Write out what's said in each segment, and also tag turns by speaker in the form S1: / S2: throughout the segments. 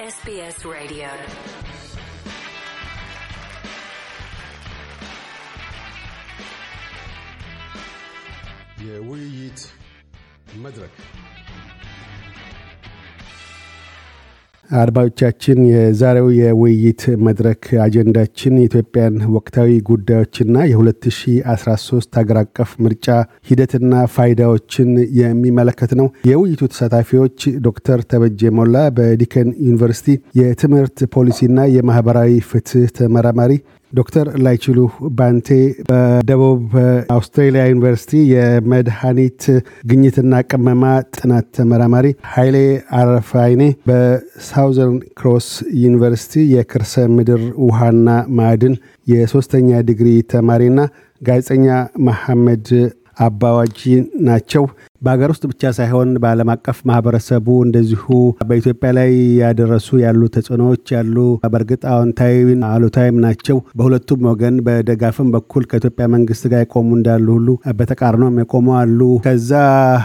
S1: SBS Radio.
S2: eat medrek. አድማጮቻችን የዛሬው የውይይት መድረክ አጀንዳችን የኢትዮጵያን ወቅታዊ ጉዳዮችና የ2013 ሀገር አቀፍ ምርጫ ሂደትና ፋይዳዎችን የሚመለከት ነው። የውይይቱ ተሳታፊዎች ዶክተር ተበጀ ሞላ በዲከን ዩኒቨርሲቲ የትምህርት ፖሊሲና የማህበራዊ ፍትህ ተመራማሪ፣ ዶክተር ላይችሉ ባንቴ በደቡብ አውስትሬሊያ ዩኒቨርሲቲ የመድኃኒት ግኝትና ቅመማ ጥናት ተመራማሪ፣ ኃይሌ አረፋይኔ በሳውዘርን ክሮስ ዩኒቨርሲቲ የክርሰ ምድር ውሃና ማዕድን የሶስተኛ ዲግሪ ተማሪና ጋዜጠኛ መሐመድ አባዋጂ ናቸው። በሀገር ውስጥ ብቻ ሳይሆን በዓለም አቀፍ ማህበረሰቡ እንደዚሁ በኢትዮጵያ ላይ ያደረሱ ያሉ ተጽዕኖዎች ያሉ በእርግጥ አዎንታዊና አሉታዊም ናቸው። በሁለቱም ወገን በደጋፍም በኩል ከኢትዮጵያ መንግስት ጋር የቆሙ እንዳሉ ሁሉ በተቃርኖም የቆሙ አሉ። ከዛ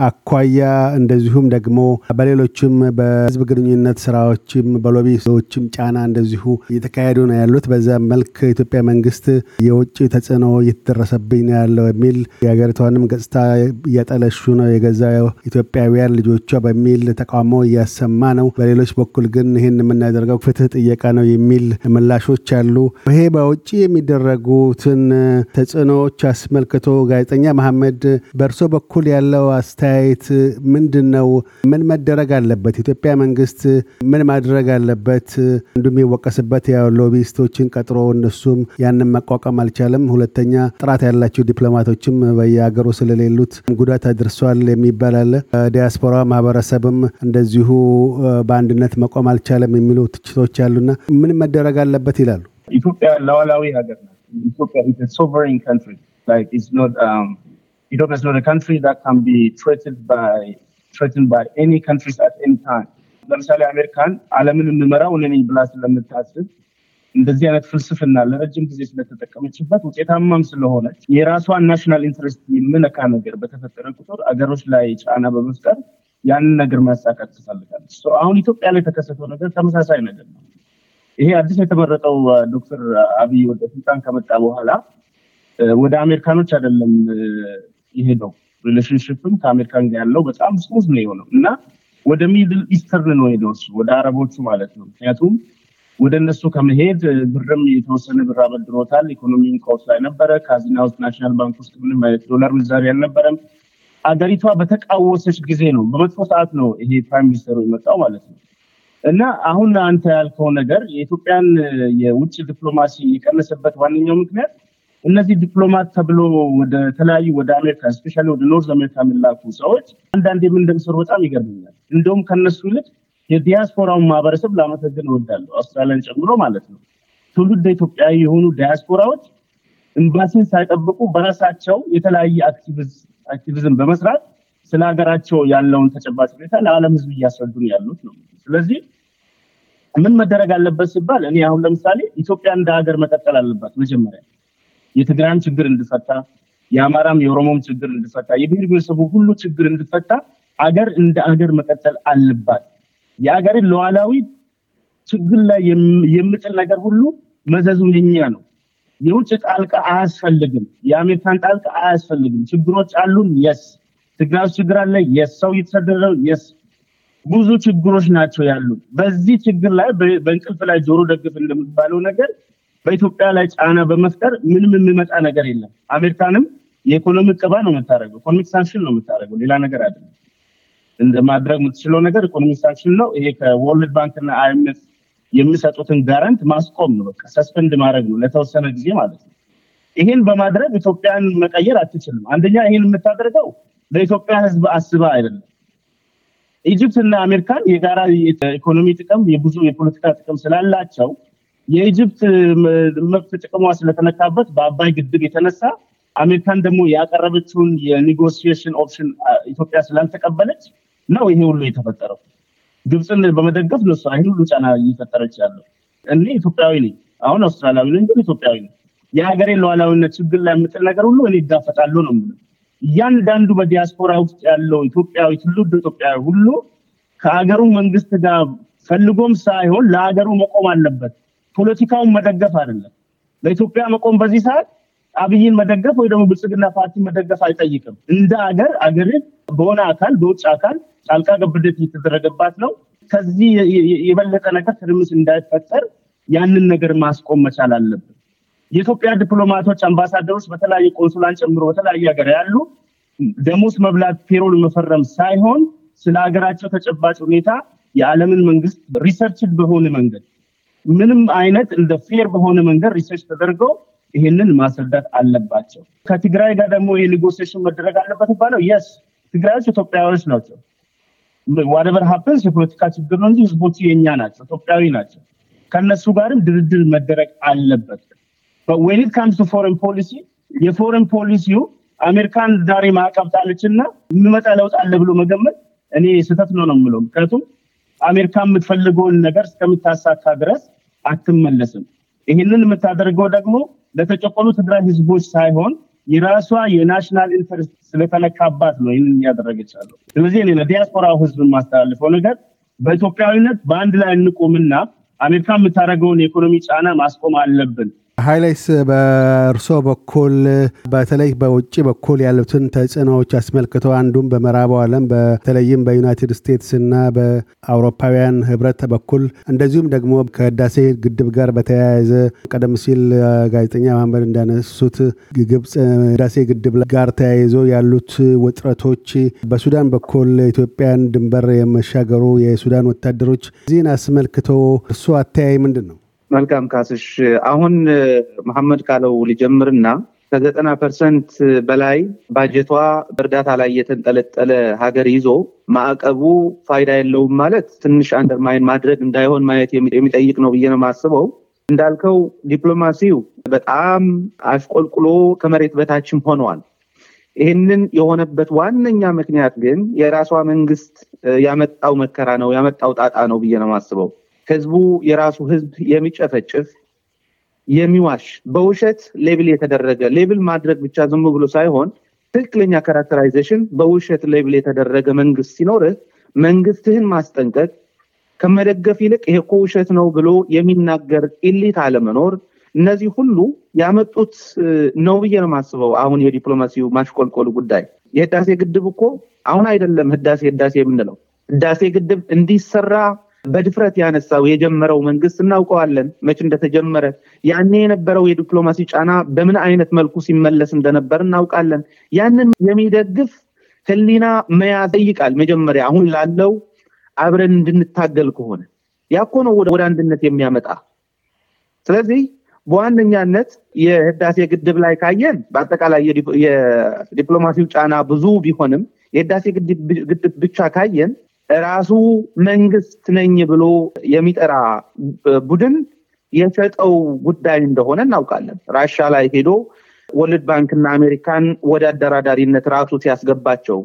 S2: አኳያ እንደዚሁም ደግሞ በሌሎችም በህዝብ ግንኙነት ስራዎችም በሎቢዎችም ጫና እንደዚሁ እየተካሄዱ ነው ያሉት። በዛ መልክ ኢትዮጵያ መንግስት የውጭ ተጽዕኖ እየተደረሰብኝ ነው ያለው የሚል የሀገሪቷንም ገጽታ እያጠለሹ ነው የገዛ ኢትዮጵያውያን ልጆቿ በሚል ተቃውሞ እያሰማ ነው። በሌሎች በኩል ግን ይህን የምናደርገው ፍትህ ጥየቃ ነው የሚል ምላሾች አሉ። ይሄ በውጭ የሚደረጉትን ተጽዕኖዎች አስመልክቶ ጋዜጠኛ መሐመድ በእርሶ በኩል ያለው አስተያየት ምንድን ነው? ምን መደረግ አለበት? ኢትዮጵያ መንግስት ምን ማድረግ አለበት? አንዱ የሚወቀስበት ያው ሎቢስቶችን ቀጥሮ እነሱም ያንን መቋቋም አልቻለም። ሁለተኛ ጥራት ያላቸው ዲፕሎማቶችም በየሀገሩ ስለሌሉት ጉዳት አድርሷል የሚባል አለ። ዲያስፖራ ማህበረሰብም እንደዚሁ በአንድነት መቆም አልቻለም የሚሉ ትችቶች አሉና ምን መደረግ አለበት ይላሉ።
S3: ኢትዮጵያ ሉዓላዊ ሀገር ናት። ኢትዮጵያ ሶቨሬን ካንትሪ um, Ethiopia ለምሳሌ አሜሪካን አለምን የምመራው እኔ ነኝ ብላ ስለምታስብ እንደዚህ አይነት ፍልስፍና ለረጅም ጊዜ ስለተጠቀመችበት ውጤታማም ስለሆነች የራሷን ናሽናል ኢንትረስት የምነካ ነገር በተፈጠረ ቁጥር አገሮች ላይ ጫና በመፍጠር ያንን ነገር ማሳካት ትፈልጋለች። አሁን ኢትዮጵያ ላይ የተከሰተው ነገር ተመሳሳይ ነገር ነው። ይሄ አዲስ የተመረጠው ዶክተር አብይ ወደ ስልጣን ከመጣ በኋላ ወደ አሜሪካኖች አይደለም የሄደው። ሪሌሽንሽፕም ከአሜሪካን ጋር ያለው በጣም ስሙዝ ነው የሆነው እና ወደ ሚድል ኢስተርን ነው ሄደው ወደ አረቦቹ ማለት ነው። ምክንያቱም ወደ እነሱ ከመሄድ ብርም የተወሰነ ብር አበድሮታል። ኢኮኖሚም ቀውስ ላይ ነበረ። ካዝና ውስጥ ናሽናል ባንክ ውስጥ ምንም አይነት ዶላር ምንዛሪ አልነበረም። አገሪቷ በተቃወሰች ጊዜ ነው፣ በመጥፎ ሰዓት ነው ይሄ ፕራይም ሚኒስተሩ የመጣው ማለት ነው። እና አሁን አንተ ያልከው ነገር የኢትዮጵያን የውጭ ዲፕሎማሲ የቀነሰበት ዋነኛው ምክንያት እነዚህ ዲፕሎማት ተብሎ ወደ ተለያዩ ወደ አሜሪካ ስፔሻሊ ወደ ኖርዝ አሜሪካ የሚላኩ ሰዎች አንዳንድ ምን በጣም ይገርምኛል። እንደውም ከነሱ ይልቅ የዲያስፖራውን ማህበረሰብ ላመሰግን እወዳለሁ። አውስትራሊያን ጨምሮ ማለት ነው። ትውልድ ኢትዮጵያ የሆኑ ዲያስፖራዎች ኤምባሲን ሳይጠብቁ በራሳቸው የተለያየ አክቲቪዝም በመስራት ስለ ሀገራቸው ያለውን ተጨባጭ ሁኔታ ለዓለም ሕዝብ እያስረዱን ያሉት ነው። ስለዚህ ምን መደረግ አለበት ሲባል እኔ አሁን ለምሳሌ ኢትዮጵያ እንደ ሀገር መቀጠል አለባት። መጀመሪያ የትግራይም ችግር እንድፈታ፣ የአማራም የኦሮሞም ችግር እንድፈታ፣ የብሔር ብሔረሰቡ ሁሉ ችግር እንድፈታ አገር እንደ ሀገር መቀጠል አለባት። የአገርን ሉዓላዊ ችግር ላይ የምጥል ነገር ሁሉ መዘዙ የኛ ነው። የውጭ ጣልቃ አያስፈልግም። የአሜሪካን ጣልቃ አያስፈልግም። ችግሮች አሉን። የስ ትግራይ ችግር አለ። የስ ሰው እየተሰደደ ነው። የስ ብዙ ችግሮች ናቸው ያሉ። በዚህ ችግር ላይ በእንቅልፍ ላይ ጆሮ ደግፍ እንደሚባለው ነገር በኢትዮጵያ ላይ ጫና በመፍጠር ምንም የሚመጣ ነገር የለም። አሜሪካንም የኢኮኖሚ ቅባ ነው የምታደርገው፣ ኢኮኖሚክ ሳንክሽን ነው የምታደርገው፣ ሌላ ነገር አይደለም። እንደማድረግ የምትችለው ነገር ኢኮኖሚስታችን ነው። ይሄ ከወርልድ እና አይምኤፍ የሚሰጡትን ጋራንት ማስቆም ነው። በቃ ሰስፔንድ ማድረግ ነው ለተወሰነ ጊዜ ማለት ነው። ይህን በማድረግ ኢትዮጵያን መቀየር አትችልም። አንደኛ ይህን የምታደርገው ለኢትዮጵያ ሕዝብ አስባ አይደለም። ኢጅፕት እና አሜሪካን የጋራ ኢኮኖሚ ጥቅም፣ የብዙ የፖለቲካ ጥቅም ስላላቸው የኢጅፕት መብት ጥቅሟ ስለተነካበት በአባይ ግድብ የተነሳ አሜሪካን ደግሞ ያቀረበችውን የኔጎሲዬሽን ኦፕሽን ኢትዮጵያ ስላልተቀበለች ነው ይሄ ሁሉ የተፈጠረው። ግብፅን በመደገፍ ነው ይ ይሄ ሁሉ ጫና እየፈጠረች ያለው። እኔ ኢትዮጵያዊ ነኝ፣ አሁን አውስትራሊያዊ ነኝ፣ ግን ኢትዮጵያዊ ነኝ። የሀገሬ ሉዓላዊነት ችግር ላይ የምጥል ነገር ሁሉ እኔ ይጋፈጣለሁ ነው የምለው። እያንዳንዱ በዲያስፖራ ውስጥ ያለው ኢትዮጵያዊ ትውልድ ኢትዮጵያዊ ሁሉ ከሀገሩ መንግስት ጋር ፈልጎም ሳይሆን ለሀገሩ መቆም አለበት። ፖለቲካውን መደገፍ አይደለም። ለኢትዮጵያ መቆም በዚህ ሰዓት አብይን መደገፍ ወይ ደግሞ ብልጽግና ፓርቲ መደገፍ አይጠይቅም። እንደ አገር አገርን በሆነ አካል በውጭ አካል ጣልቃ ገብነት እየተደረገባት ነው። ከዚህ የበለጠ ነገር ትርምስ እንዳይፈጠር ያንን ነገር ማስቆም መቻል አለብን። የኢትዮጵያ ዲፕሎማቶች፣ አምባሳደሮች በተለያየ ቆንሱላን ጨምሮ በተለያየ ሀገር ያሉ ደሞዝ መብላት፣ ፔሮል መፈረም ሳይሆን ስለ ሀገራቸው ተጨባጭ ሁኔታ የዓለምን መንግስት ሪሰርች በሆነ መንገድ ምንም አይነት እንደ ፌር በሆነ መንገድ ሪሰርች ተደርገው ይህንን ማስረዳት አለባቸው። ከትግራይ ጋር ደግሞ የኔጎሲሽን መደረግ አለበት ባለው የስ ትግራዮች ኢትዮጵያዎች ናቸው። ዋደበር ሀፕንስ የፖለቲካ ችግር ነው እንጂ ህዝቦቹ የእኛ ናቸው፣ ኢትዮጵያዊ ናቸው። ከነሱ ጋርም ድርድር መደረግ አለበት። ወይኒት ካምስ ፎሬን ፖሊሲ የፎሬን ፖሊሲው አሜሪካን ዛሬ ማዕቀብ ጣለች እና የሚመጣ ለውጥ አለ ብሎ መገመት እኔ ስህተት ነው ነው የምለው። ምክንያቱም አሜሪካ የምትፈልገውን ነገር እስከምታሳካ ድረስ አትመለስም። ይህንን የምታደርገው ደግሞ ለተጨቆኑት ትግራይ ህዝቦች ሳይሆን የራሷ የናሽናል ኢንተረስት ስለተነካባት ነው ይህንን እያደረገች ያለው። ስለዚህ እኔ ለዲያስፖራ ህዝብ የማስተላልፈው ነገር በኢትዮጵያዊነት በአንድ ላይ እንቁምና አሜሪካ የምታደርገውን የኢኮኖሚ ጫና ማስቆም አለብን።
S2: ሀይላይስ በእርሶ በኩል በተለይ በውጭ በኩል ያሉትን ተጽዕኖዎች አስመልክቶ አንዱም በምዕራቡ ዓለም በተለይም በዩናይትድ ስቴትስ እና በአውሮፓውያን ህብረት በኩል እንደዚሁም ደግሞ ከህዳሴ ግድብ ጋር በተያያዘ ቀደም ሲል ጋዜጠኛ መሀመድ እንዳነሱት ግብፅ ህዳሴ ግድብ ጋር ተያይዞ ያሉት ውጥረቶች፣ በሱዳን በኩል ኢትዮጵያን ድንበር የመሻገሩ የሱዳን ወታደሮች፣ እዚህን አስመልክቶ እርሶ አተያይ ምንድን ነው?
S4: መልካም ካስሽ፣ አሁን መሐመድ ካለው ሊጀምርና ከዘጠና ፐርሰንት በላይ ባጀቷ በእርዳታ ላይ የተንጠለጠለ ሀገር ይዞ ማዕቀቡ ፋይዳ የለውም ማለት ትንሽ አንደርማይን ማድረግ እንዳይሆን ማየት የሚጠይቅ ነው ብዬ ነው የማስበው። እንዳልከው ዲፕሎማሲው በጣም አሽቆልቁሎ ከመሬት በታችም ሆነዋል። ይህንን የሆነበት ዋነኛ ምክንያት ግን የራሷ መንግስት ያመጣው መከራ ነው ያመጣው ጣጣ ነው ብዬ ነው ማስበው። ህዝቡ የራሱ ህዝብ የሚጨፈጭፍ የሚዋሽ በውሸት ሌብል የተደረገ ሌብል ማድረግ ብቻ ዝም ብሎ ሳይሆን ትክክለኛ ካራክተራይዜሽን በውሸት ሌብል የተደረገ መንግስት ሲኖርህ መንግስትህን ማስጠንቀቅ ከመደገፍ ይልቅ ይሄ እኮ ውሸት ነው ብሎ የሚናገር ኢሊት አለመኖር እነዚህ ሁሉ ያመጡት ነው ብዬ ነው የማስበው። አሁን የዲፕሎማሲው ማሽቆልቆሉ ጉዳይ የህዳሴ ግድብ እኮ አሁን አይደለም ህዳሴ ህዳሴ የምንለው ህዳሴ ግድብ እንዲሰራ በድፍረት ያነሳው የጀመረው መንግስት እናውቀዋለን መች እንደተጀመረ። ያኔ የነበረው የዲፕሎማሲ ጫና በምን አይነት መልኩ ሲመለስ እንደነበር እናውቃለን። ያንን የሚደግፍ ህሊና መያዝ ይጠይቃል። መጀመሪያ አሁን ላለው አብረን እንድንታገል ከሆነ ያኮ ነው ወደ አንድነት የሚያመጣ። ስለዚህ በዋነኛነት የህዳሴ ግድብ ላይ ካየን በአጠቃላይ የዲፕሎማሲው ጫና ብዙ ቢሆንም የህዳሴ ግድብ ብቻ ካየን ራሱ መንግስት ነኝ ብሎ የሚጠራ ቡድን የሸጠው ጉዳይ እንደሆነ እናውቃለን። ራሻ ላይ ሄዶ ወልድ ባንክና አሜሪካን ወደ አደራዳሪነት ራሱ ሲያስገባቸው፣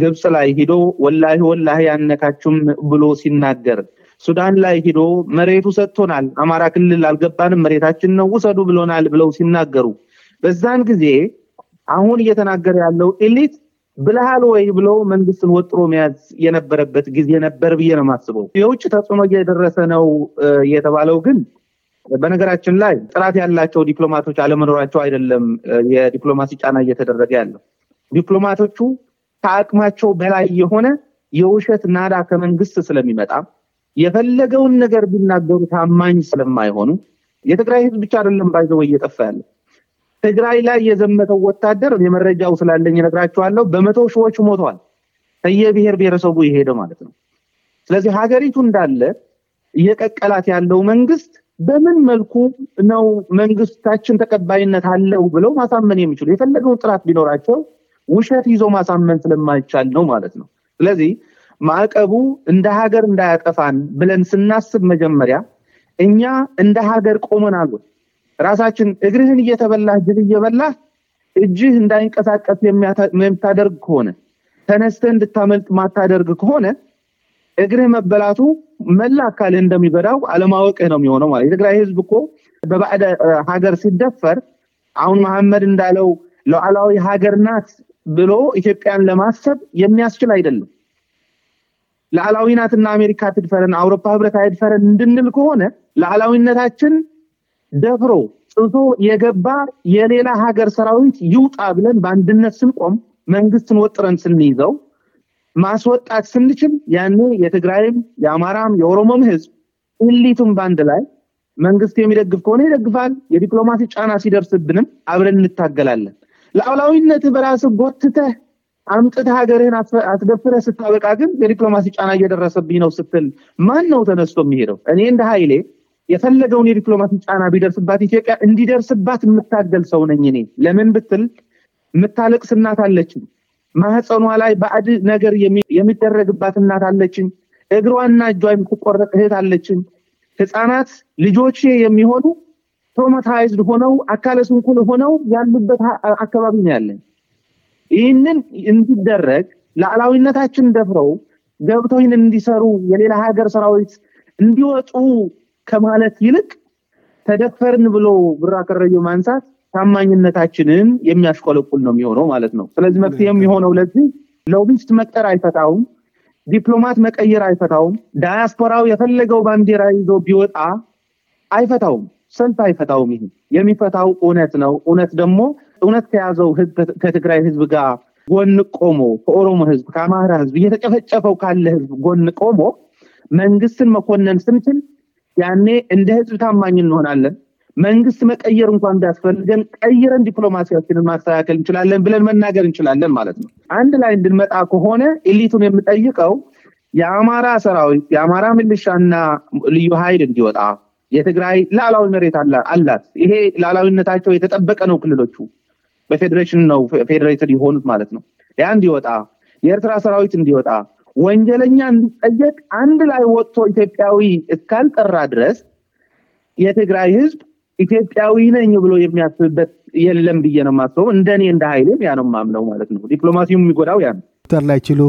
S4: ግብፅ ላይ ሂዶ ወላሂ ወላሂ ያነካችም ብሎ ሲናገር፣ ሱዳን ላይ ሂዶ መሬቱ ሰጥቶናል፣ አማራ ክልል አልገባንም፣ መሬታችን ነው ውሰዱ ብሎናል ብለው ሲናገሩ በዛን ጊዜ አሁን እየተናገረ ያለው ኤሊት ብልሃል ወይ ብሎ መንግስትን ወጥሮ መያዝ የነበረበት ጊዜ ነበር ብዬ ነው የማስበው። የውጭ ተጽዕኖ እየደረሰ ነው የተባለው ግን በነገራችን ላይ ጥራት ያላቸው ዲፕሎማቶች አለመኖራቸው አይደለም። የዲፕሎማሲ ጫና እየተደረገ ያለው ዲፕሎማቶቹ ከአቅማቸው በላይ የሆነ የውሸት ናዳ ከመንግስት ስለሚመጣ የፈለገውን ነገር ቢናገሩ ታማኝ ስለማይሆኑ የትግራይ ህዝብ ብቻ አይደለም ባይዘው እየጠፋ ያለው ትግራይ ላይ የዘመተው ወታደር የመረጃው ስላለኝ ነግራችኋለሁ በመቶ ሺዎች ሞተዋል። ከየብሔር ብሔረሰቡ የሄደ ማለት ነው። ስለዚህ ሀገሪቱ እንዳለ እየቀቀላት ያለው መንግስት በምን መልኩ ነው መንግስታችን ተቀባይነት አለው ብለው ማሳመን የሚችሉ የፈለገውን ጥራት ቢኖራቸው ውሸት ይዞ ማሳመን ስለማይቻል ነው ማለት ነው። ስለዚህ ማዕቀቡ እንደ ሀገር እንዳያጠፋን ብለን ስናስብ መጀመሪያ እኛ እንደ ሀገር ቆመናል አሉት ራሳችን እግርህን እየተበላህ ጅብ እየበላህ እጅህ እንዳይንቀሳቀስ የምታደርግ ከሆነ ተነስተ እንድታመልጥ ማታደርግ ከሆነ እግርህ መበላቱ መላ አካል እንደሚበዳው አለማወቅህ ነው የሚሆነው ማለት የትግራይ ህዝብ እኮ በባዕደ ሀገር ሲደፈር አሁን መሐመድ እንዳለው ለዓላዊ ሀገር ናት ብሎ ኢትዮጵያን ለማሰብ የሚያስችል አይደለም ለዓላዊ ናትና አሜሪካ ትድፈረን አውሮፓ ህብረት አይድፈረን እንድንል ከሆነ ለዓላዊነታችን ደፍሮ ጥሶ የገባ የሌላ ሀገር ሰራዊት ይውጣ ብለን በአንድነት ስንቆም መንግስትን ወጥረን ስንይዘው ማስወጣት ስንችል ያኔ የትግራይም የአማራም የኦሮሞም ህዝብ ኢሊቱም በአንድ ላይ መንግስት የሚደግፍ ከሆነ ይደግፋል። የዲፕሎማሲ ጫና ሲደርስብንም አብረን እንታገላለን። ለአውላዊነት በራስ ጎትተህ አምጥተህ ሀገርህን አስደፍረህ ስታበቃ ግን የዲፕሎማሲ ጫና እየደረሰብኝ ነው ስትል ማን ነው ተነስቶ የሚሄደው? እኔ እንደ ኃይሌ የፈለገውን የዲፕሎማሲ ጫና ቢደርስባት ኢትዮጵያ እንዲደርስባት የምታገል ሰው ነኝ እኔ። ለምን ብትል የምታለቅስ እናት አለችን። ማህፀኗ ላይ በአድ ነገር የሚደረግባት እናት አለችን። እግሯና እጇ የምትቆረጥ እህት አለችን። ህፃናት ልጆቼ የሚሆኑ ቶማታይዝድ ሆነው አካለ ስንኩል ሆነው ያሉበት አካባቢ ነው ያለን። ይህንን እንዲደረግ ሉዓላዊነታችን ደፍረው ገብተው እንዲሰሩ የሌላ ሀገር ሰራዊት እንዲወጡ ከማለት ይልቅ ተደፈርን ብሎ ብራ ከረዩ ማንሳት ታማኝነታችንን የሚያሽቆለቁል ነው የሚሆነው ማለት ነው። ስለዚህ መፍትሄ የሚሆነው ለዚህ ሎቢስት መቅጠር አይፈታውም፣ ዲፕሎማት መቀየር አይፈታውም። ዳያስፖራው የፈለገው ባንዲራ ይዞ ቢወጣ አይፈታውም፣ ሰልፍ አይፈታውም። ይሄ የሚፈታው እውነት ነው። እውነት ደግሞ እውነት ከያዘው ህዝብ ከትግራይ ህዝብ ጋር ጎን ቆሞ ከኦሮሞ ህዝብ ከአማራ ህዝብ እየተጨፈጨፈው ካለ ህዝብ ጎን ቆሞ መንግስትን መኮነን ስንችል ያኔ እንደ ህዝብ ታማኝ እንሆናለን። መንግስት መቀየር እንኳን ቢያስፈልገን ቀይረን ዲፕሎማሲያችንን ማስተካከል እንችላለን ብለን መናገር እንችላለን ማለት ነው። አንድ ላይ እንድንመጣ ከሆነ ኢሊቱን የምጠይቀው የአማራ ሰራዊት የአማራ ምልሻና ልዩ ኃይል እንዲወጣ የትግራይ ላላዊ መሬት አላት። ይሄ ላላዊነታቸው የተጠበቀ ነው። ክልሎቹ በፌዴሬሽን ነው ፌዴሬትድ የሆኑት ማለት ነው። ያ እንዲወጣ፣ የኤርትራ ሰራዊት እንዲወጣ፣ ወንጀለኛ እንዲጠየቅ አንድ ላይ ወጥቶ ኢትዮጵያዊ እስካልጠራ ድረስ የትግራይ ህዝብ ኢትዮጵያዊ ነኝ ብሎ የሚያስብበት የለም ብዬ ነው የማስበው። እንደኔ እንደ ሀይሌም ያ ነው ማምነው ማለት ነው። ዲፕሎማሲው የሚጎዳው ያ ነው።
S2: ዶክተር ላይችሉ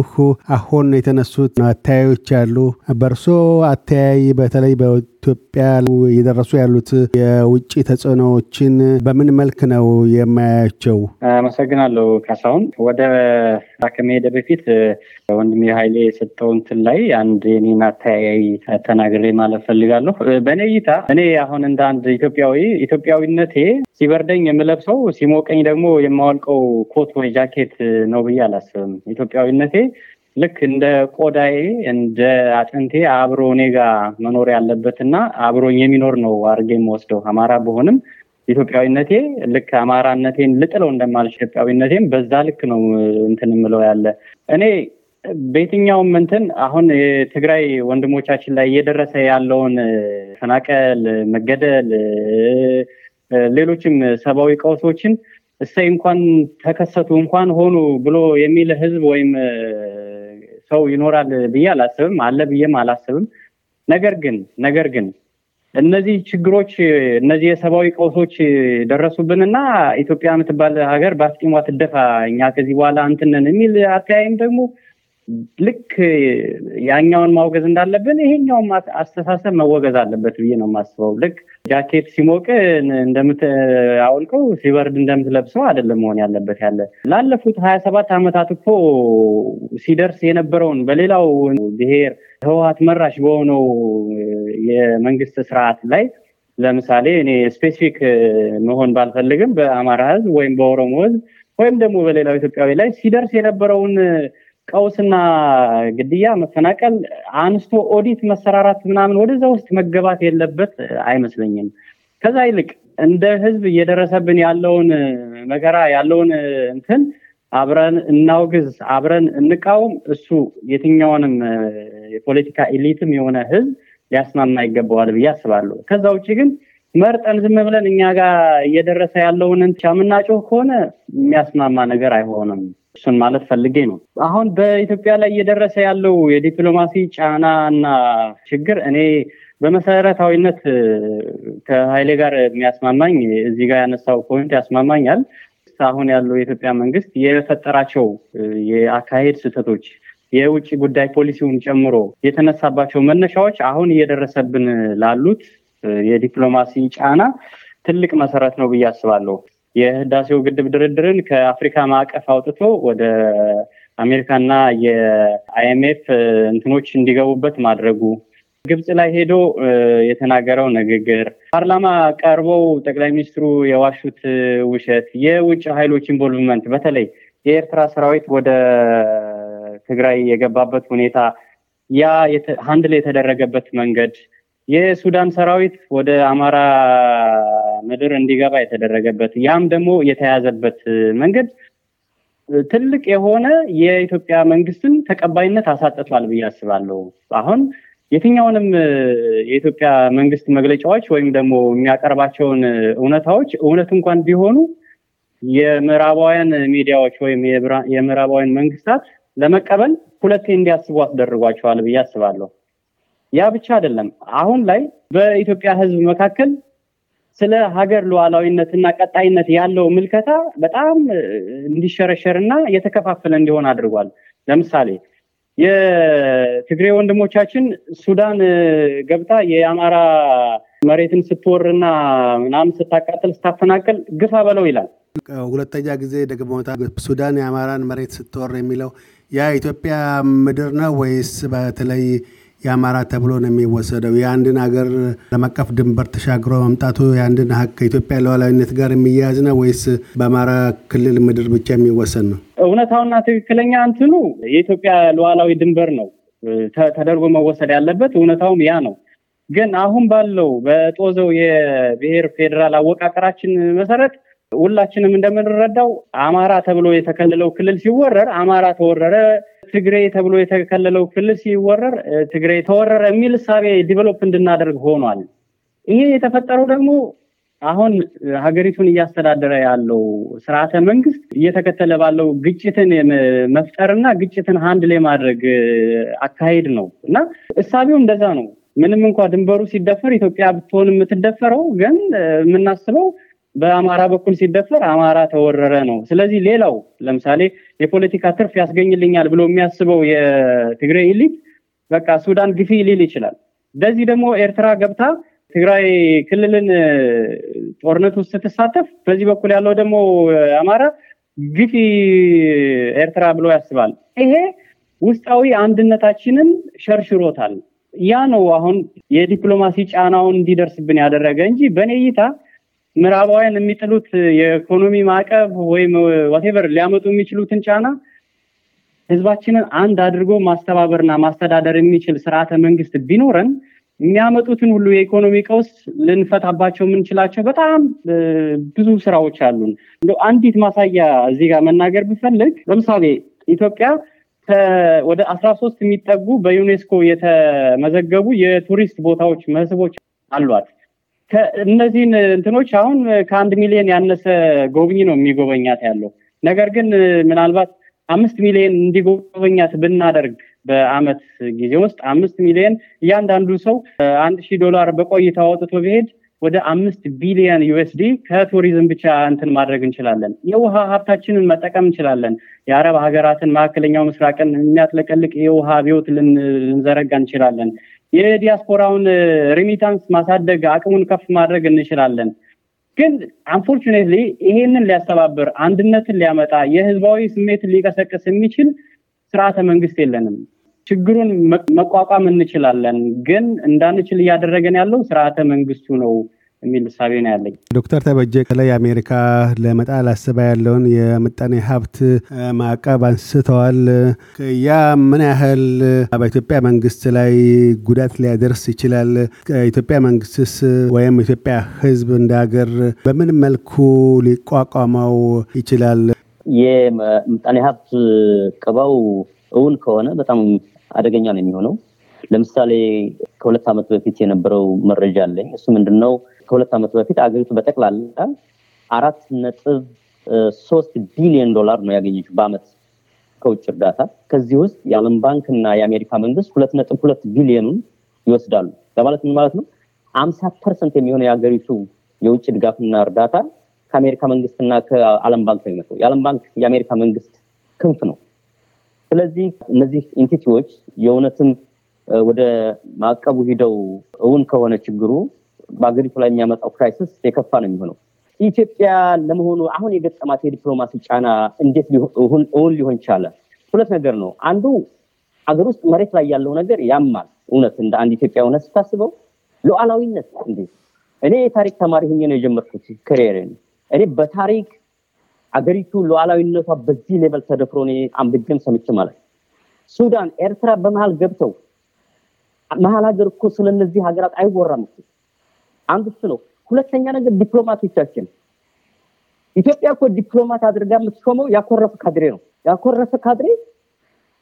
S2: አሁን የተነሱት አተያዮች አሉ። በእርሶ አተያይ በተለይ በውጭ ኢትዮጵያ እየደረሱ ያሉት የውጭ ተጽዕኖዎችን በምን መልክ ነው የማያቸው?
S1: አመሰግናለሁ ካሳሁን። ወደ ከመሄደ በፊት ወንድም የሀይሌ የሰጠው እንትን ላይ አንድ የኔን አተያያይ ተናግሬ ማለት ፈልጋለሁ። በእኔ እይታ እኔ አሁን እንደ አንድ ኢትዮጵያዊ ኢትዮጵያዊነቴ ሲበርደኝ የምለብሰው ሲሞቀኝ ደግሞ የማወልቀው ኮት ወይ ጃኬት ነው ብዬ አላስብም። ኢትዮጵያዊነቴ ልክ እንደ ቆዳዬ እንደ አጥንቴ አብሮ እኔ ጋር መኖር ያለበትና አብሮኝ የሚኖር ነው አድርጌ የምወስደው አማራ በሆንም ኢትዮጵያዊነቴ ልክ አማራነቴን ልጥለው እንደማልች ኢትዮጵያዊነቴም በዛ ልክ ነው እንትን የምለው ያለ እኔ በየትኛውም እንትን አሁን የትግራይ ወንድሞቻችን ላይ እየደረሰ ያለውን ፈናቀል፣ መገደል፣ ሌሎችም ሰብአዊ ቀውሶችን እሰይ እንኳን ተከሰቱ እንኳን ሆኑ ብሎ የሚል ህዝብ ወይም ሰው ይኖራል ብዬ አላስብም፣ አለ ብዬም አላስብም። ነገር ግን ነገር ግን እነዚህ ችግሮች እነዚህ የሰብአዊ ቀውሶች ደረሱብንና ኢትዮጵያ የምትባል ሀገር በአስቂሟ ትደፋ እኛ ከዚህ በኋላ እንትንን የሚል አተያይም ደግሞ ልክ ያኛውን ማውገዝ እንዳለብን ይሄኛውን አስተሳሰብ መወገዝ አለበት ብዬ ነው የማስበው። ልክ ጃኬት ሲሞቅ እንደምትአውልቀው ሲበርድ እንደምትለብሰው አይደለም መሆን ያለበት ያለ ላለፉት ሀያ ሰባት ዓመታት እኮ ሲደርስ የነበረውን በሌላው ብሔር ህወሀት መራሽ በሆነው የመንግስት ስርዓት ላይ ለምሳሌ እኔ ስፔሲፊክ መሆን ባልፈልግም በአማራ ህዝብ ወይም በኦሮሞ ህዝብ ወይም ደግሞ በሌላው ኢትዮጵያዊ ላይ ሲደርስ የነበረውን ቀውስና ግድያ፣ መፈናቀል አንስቶ ኦዲት መሰራራት ምናምን ወደዛ ውስጥ መገባት የለበት አይመስለኝም። ከዛ ይልቅ እንደ ህዝብ እየደረሰብን ያለውን መከራ ያለውን እንትን አብረን እናውግዝ፣ አብረን እንቃውም እሱ የትኛውንም የፖለቲካ ኤሊትም የሆነ ህዝብ ሊያስማማ ይገባዋል ብዬ አስባለሁ። ከዛ ውጭ ግን መርጠን ዝም ብለን እኛ ጋር እየደረሰ ያለውን ምናጮህ ከሆነ የሚያስማማ ነገር አይሆንም። እሱን ማለት ፈልጌ ነው። አሁን በኢትዮጵያ ላይ እየደረሰ ያለው የዲፕሎማሲ ጫና እና ችግር እኔ በመሰረታዊነት ከኃይሌ ጋር የሚያስማማኝ እዚህ ጋር ያነሳው ፖይንት ያስማማኛል። አሁን ያለው የኢትዮጵያ መንግስት የፈጠራቸው የአካሄድ ስህተቶች የውጭ ጉዳይ ፖሊሲውን ጨምሮ የተነሳባቸው መነሻዎች አሁን እየደረሰብን ላሉት የዲፕሎማሲ ጫና ትልቅ መሰረት ነው ብዬ አስባለሁ። የህዳሴው ግድብ ድርድርን ከአፍሪካ ማዕቀፍ አውጥቶ ወደ አሜሪካና የአይኤምኤፍ እንትኖች እንዲገቡበት ማድረጉ ግብጽ ላይ ሄዶ የተናገረው ንግግር ፓርላማ ቀርበው ጠቅላይ ሚኒስትሩ የዋሹት ውሸት፣ የውጭ ኃይሎች ኢንቮልቭመንት በተለይ የኤርትራ ሰራዊት ወደ ትግራይ የገባበት ሁኔታ፣ ያ ሀንድል የተደረገበት መንገድ፣ የሱዳን ሰራዊት ወደ አማራ ምድር እንዲገባ የተደረገበት ያም ደግሞ የተያዘበት መንገድ ትልቅ የሆነ የኢትዮጵያ መንግስትን ተቀባይነት አሳጥቷል ብዬ አስባለሁ። አሁን የትኛውንም የኢትዮጵያ መንግስት መግለጫዎች ወይም ደግሞ የሚያቀርባቸውን እውነታዎች እውነት እንኳን ቢሆኑ የምዕራባውያን ሚዲያዎች ወይም የምዕራባውያን መንግስታት ለመቀበል ሁለቴ እንዲያስቡ አስደርጓቸዋል ብዬ አስባለሁ። ያ ብቻ አይደለም። አሁን ላይ በኢትዮጵያ ህዝብ መካከል ስለ ሀገር ሉዓላዊነትና ቀጣይነት ያለው ምልከታ በጣም እንዲሸረሸርና የተከፋፈለ እንዲሆን አድርጓል። ለምሳሌ የትግሬ ወንድሞቻችን ሱዳን ገብታ የአማራ መሬትን ስትወርና ምናምን ስታቃጥል ስታፈናቅል ግፋ
S2: በለው ይላል። ሁለተኛ ጊዜ ደግሞታ ሱዳን የአማራን መሬት ስትወር የሚለው ያ ኢትዮጵያ ምድር ነው ወይስ በተለይ የአማራ ተብሎ ነው የሚወሰደው። የአንድን ሀገር ለመቀፍ ድንበር ተሻግሮ መምጣቱ የአንድን ሀቅ ከኢትዮጵያ ሉዓላዊነት ጋር የሚያያዝ ነው ወይስ በአማራ ክልል ምድር ብቻ የሚወሰን ነው?
S1: እውነታውና ትክክለኛ እንትኑ የኢትዮጵያ ሉዓላዊ ድንበር ነው ተደርጎ መወሰድ ያለበት። እውነታውም ያ ነው። ግን አሁን ባለው በጦዘው የብሔር ፌዴራል አወቃቀራችን መሰረት ሁላችንም እንደምንረዳው አማራ ተብሎ የተከለለው ክልል ሲወረር አማራ ተወረረ ትግራይ ተብሎ የተከለለው ክልል ሲወረር ትግራይ ተወረረ የሚል እሳቤ ዲቨሎፕ እንድናደርግ ሆኗል። ይሄ የተፈጠረው ደግሞ አሁን ሀገሪቱን እያስተዳደረ ያለው ስርዓተ መንግስት እየተከተለ ባለው ግጭትን መፍጠርና ግጭትን ሀንድ ላይ ማድረግ አካሄድ ነው እና እሳቤው እንደዛ ነው። ምንም እንኳ ድንበሩ ሲደፈር ኢትዮጵያ ብትሆን የምትደፈረው ግን የምናስበው በአማራ በኩል ሲደፈር አማራ ተወረረ ነው። ስለዚህ ሌላው ለምሳሌ የፖለቲካ ትርፍ ያስገኝልኛል ብሎ የሚያስበው የትግራይ ኤሊት በቃ ሱዳን ግፊ ሊል ይችላል። እንደዚህ ደግሞ ኤርትራ ገብታ ትግራይ ክልልን ጦርነት ውስጥ ስትሳተፍ፣ በዚህ በኩል ያለው ደግሞ አማራ ግፊ ኤርትራ ብሎ ያስባል። ይሄ ውስጣዊ አንድነታችንን ሸርሽሮታል። ያ ነው አሁን የዲፕሎማሲ ጫናውን እንዲደርስብን ያደረገ እንጂ በእኔ እይታ ምዕራባውያን የሚጥሉት የኢኮኖሚ ማዕቀብ ወይም ዋቴቨር ሊያመጡ የሚችሉትን ጫና ህዝባችንን አንድ አድርጎ ማስተባበርና ማስተዳደር የሚችል ስርዓተ መንግስት ቢኖረን የሚያመጡትን ሁሉ የኢኮኖሚ ቀውስ ልንፈታባቸው የምንችላቸው በጣም ብዙ ስራዎች አሉን። እንደ አንዲት ማሳያ እዚህ ጋር መናገር ብፈልግ ለምሳሌ ኢትዮጵያ ወደ አስራ ሶስት የሚጠጉ በዩኔስኮ የተመዘገቡ የቱሪስት ቦታዎች መስህቦች አሏት። እነዚህን እንትኖች አሁን ከአንድ ሚሊዮን ያነሰ ጎብኝ ነው የሚጎበኛት ያለው። ነገር ግን ምናልባት አምስት ሚሊዮን እንዲጎበኛት ብናደርግ በአመት ጊዜ ውስጥ አምስት ሚሊዮን እያንዳንዱ ሰው አንድ ሺህ ዶላር በቆይታ አውጥቶ ቢሄድ ወደ አምስት ቢሊዮን ዩኤስዲ ከቱሪዝም ብቻ እንትን ማድረግ እንችላለን። የውሃ ሀብታችንን መጠቀም እንችላለን። የአረብ ሀገራትን መካከለኛው ምስራቅን የሚያጥለቀልቅ የውሃ ቢዮት ልንዘረጋ እንችላለን። የዲያስፖራውን ሪሚታንስ ማሳደግ አቅሙን ከፍ ማድረግ እንችላለን። ግን አንፎርቹኔትሊ ይሄንን ሊያስተባብር አንድነትን ሊያመጣ የህዝባዊ ስሜትን ሊቀሰቅስ የሚችል ስርዓተ መንግስት የለንም። ችግሩን መቋቋም እንችላለን፣ ግን እንዳንችል እያደረገን ያለው ስርዓተ መንግስቱ ነው። የሚል እሳቤ ነው ያለኝ።
S2: ዶክተር ተበጀ ከላይ አሜሪካ ለመጣል አስባ ያለውን የምጣኔ ሀብት ማዕቀብ አንስተዋል። ያ ምን ያህል በኢትዮጵያ መንግስት ላይ ጉዳት ሊያደርስ ይችላል? ኢትዮጵያ መንግስትስ ወይም ኢትዮጵያ ህዝብ እንደ ሀገር በምን መልኩ ሊቋቋመው ይችላል?
S5: የምጣኔ ሀብት ቅባው እውን ከሆነ በጣም አደገኛ ነው የሚሆነው ለምሳሌ ከሁለት ዓመት በፊት የነበረው መረጃ አለኝ። እሱ ምንድን ነው? ከሁለት ዓመት በፊት አገሪቱ በጠቅላላ አራት ነጥብ ሶስት ቢሊዮን ዶላር ነው ያገኘችው በአመት ከውጭ እርዳታ። ከዚህ ውስጥ የዓለም ባንክ እና የአሜሪካ መንግስት ሁለት ነጥብ ሁለት ቢሊዮኑን ይወስዳሉ። ለማለት ምን ማለት ነው? አምሳ ፐርሰንት የሚሆነው የሀገሪቱ የውጭ ድጋፍና እርዳታ ከአሜሪካ መንግስትና ከዓለም ባንክ ነው የሚመጣው። የዓለም ባንክ የአሜሪካ መንግስት ክንፍ ነው። ስለዚህ እነዚህ ኢንቲቲዎች የእውነትም ወደ ማዕቀቡ ሂደው እውን ከሆነ ችግሩ በሀገሪቱ ላይ የሚያመጣው ክራይሲስ የከፋ ነው የሚሆነው። ኢትዮጵያ ለመሆኑ አሁን የገጠማት የዲፕሎማሲ ጫና እንዴት እውን ሊሆን ቻለ? ሁለት ነገር ነው። አንዱ አገር ውስጥ መሬት ላይ ያለው ነገር ያማል። እውነት እንደ አንድ ኢትዮጵያ እውነት ስታስበው ሉዓላዊነት እንዴ! እኔ የታሪክ ተማሪ ሆኜ ነው የጀመርኩት ከሪየሬን። እኔ በታሪክ አገሪቱ ሉዓላዊነቷ በዚህ ሌቨል ተደፍሮ እኔ አንብቤም ሰምቼ ማለት ሱዳን፣ ኤርትራ በመሀል ገብተው መሀል ሀገር እኮ ስለነዚህ ሀገራት አይወራም። አንዱ እሱ ነው። ሁለተኛ ነገር ዲፕሎማቶቻችን፣ ኢትዮጵያ እኮ ዲፕሎማት አድርጋ የምትሾመው ያኮረፈ ካድሬ ነው። ያኮረፈ ካድሬ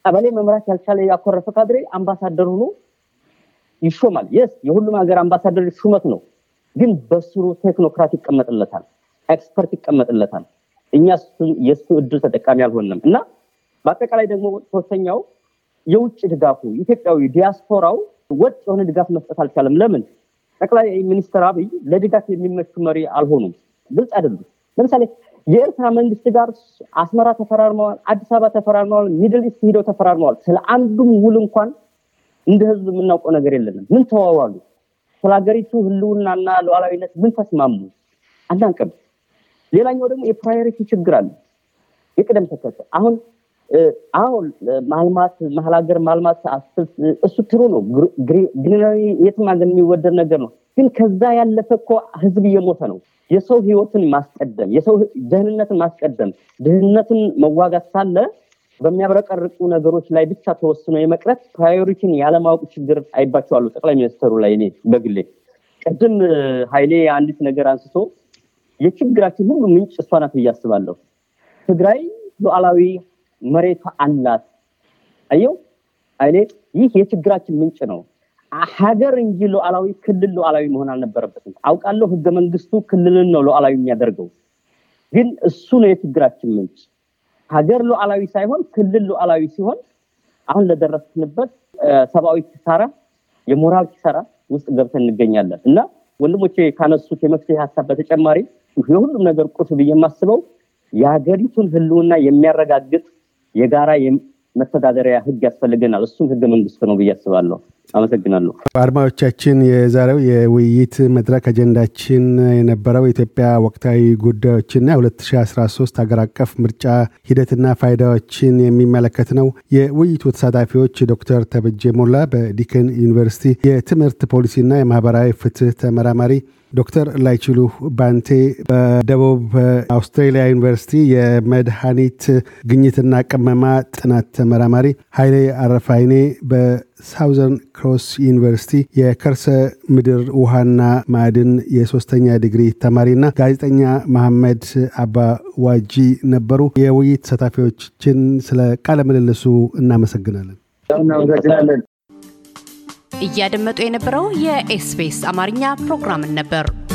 S5: ቀበሌ መምራት ያልቻለ ያኮረፈ ካድሬ አምባሳደር ሆኖ ይሾማል። የስ የሁሉም ሀገር አምባሳደር ሹመት ነው። ግን በስሩ ቴክኖክራት ይቀመጥለታል፣ ኤክስፐርት ይቀመጥለታል። እኛ የእሱ እድል ተጠቃሚ አልሆንም እና በአጠቃላይ ደግሞ ሶስተኛው የውጭ ድጋፉ ኢትዮጵያዊ ዲያስፖራው ወጥ የሆነ ድጋፍ መስጠት አልቻለም። ለምን? ጠቅላይ ሚኒስትር አብይ ለድጋፍ የሚመቹ መሪ አልሆኑም። ግልጽ አይደሉም። ለምሳሌ የኤርትራ መንግስት ጋር አስመራ ተፈራርመዋል፣ አዲስ አበባ ተፈራርመዋል፣ ሚድል ኢስት ሂደው ተፈራርመዋል። ስለ አንዱም ውል እንኳን እንደ ህዝብ የምናውቀው ነገር የለንም። ምን ተዋዋሉ? ስለ ሀገሪቱ ህልውናና ሉዓላዊነት ምን ተስማሙ? አናንቅም። ሌላኛው ደግሞ የፕራዮሪቲ ችግር አለ፣ የቅደም ተከተል አሁን አሁን ማልማት መሀል ሀገር ማልማት እሱ ትሩ ነው። ግሪናዊ የትም ሀገር የሚወደድ ነገር ነው። ግን ከዛ ያለፈ እኮ ህዝብ እየሞተ ነው። የሰው ህይወትን ማስቀደም፣ የሰው ደህንነትን ማስቀደም፣ ድህነትን መዋጋት ሳለ በሚያብረቀርቁ ነገሮች ላይ ብቻ ተወስኖ የመቅረት ፕራዮሪቲን ያለማወቅ ችግር አይባቸዋሉ ጠቅላይ ሚኒስትሩ ላይ እኔ በግሌ ቅድም ሀይሌ አንዲት ነገር አንስቶ የችግራችን ሁሉ ምንጭ እሷ ናት ብዬ አስባለሁ። ትግራይ ሉዓላዊ መሬቷ አላት። አየው አይኔ ይህ የችግራችን ምንጭ ነው። ሀገር እንጂ ሉዓላዊ ክልል ሉዓላዊ መሆን አልነበረበትም። አውቃለሁ ህገ መንግስቱ ክልልን ነው ሉዓላዊ የሚያደርገው፣ ግን እሱ ነው የችግራችን ምንጭ። ሀገር ሉዓላዊ ሳይሆን ክልል ሉዓላዊ ሲሆን አሁን ለደረስንበት ሰብአዊ ኪሳራ፣ የሞራል ኪሳራ ውስጥ ገብተን እንገኛለን እና ወንድሞቼ ካነሱት የመፍትሄ ሀሳብ በተጨማሪ የሁሉም ነገር ቁስ ብዬ የማስበው የሀገሪቱን ህልውና የሚያረጋግጥ የጋራ መተዳደሪያ ህግ ያስፈልገናል። እሱም ህገ መንግስት ነው ብዬ አስባለሁ።
S2: አመሰግናለሁ። አድማጮቻችን፣ የዛሬው የውይይት መድረክ አጀንዳችን የነበረው የኢትዮጵያ ወቅታዊ ጉዳዮችና 2013 ሀገር አቀፍ ምርጫ ሂደትና ፋይዳዎችን የሚመለከት ነው። የውይይቱ ተሳታፊዎች ዶክተር ተበጀ ሞላ በዲከን ዩኒቨርሲቲ የትምህርት ፖሊሲና የማህበራዊ ፍትህ ተመራማሪ ዶክተር ላይችሉ ባንቴ በደቡብ አውስትሬሊያ ዩኒቨርሲቲ የመድኃኒት ግኝትና ቅመማ ጥናት ተመራማሪ፣ ኃይሌ አረፋይኔ ሳውዘርን ክሮስ ዩኒቨርሲቲ የከርሰ ምድር ውሃና ማዕድን የሶስተኛ ዲግሪ ተማሪና ጋዜጠኛ መሐመድ አባ ዋጂ ነበሩ። የውይይት ተሳታፊዎችን ስለ ቃለ ምልልሱ እናመሰግናለን።
S5: እያደመጡ የነበረው የኤስቢኤስ አማርኛ ፕሮግራምን ነበር።